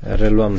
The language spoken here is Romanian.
Reluăm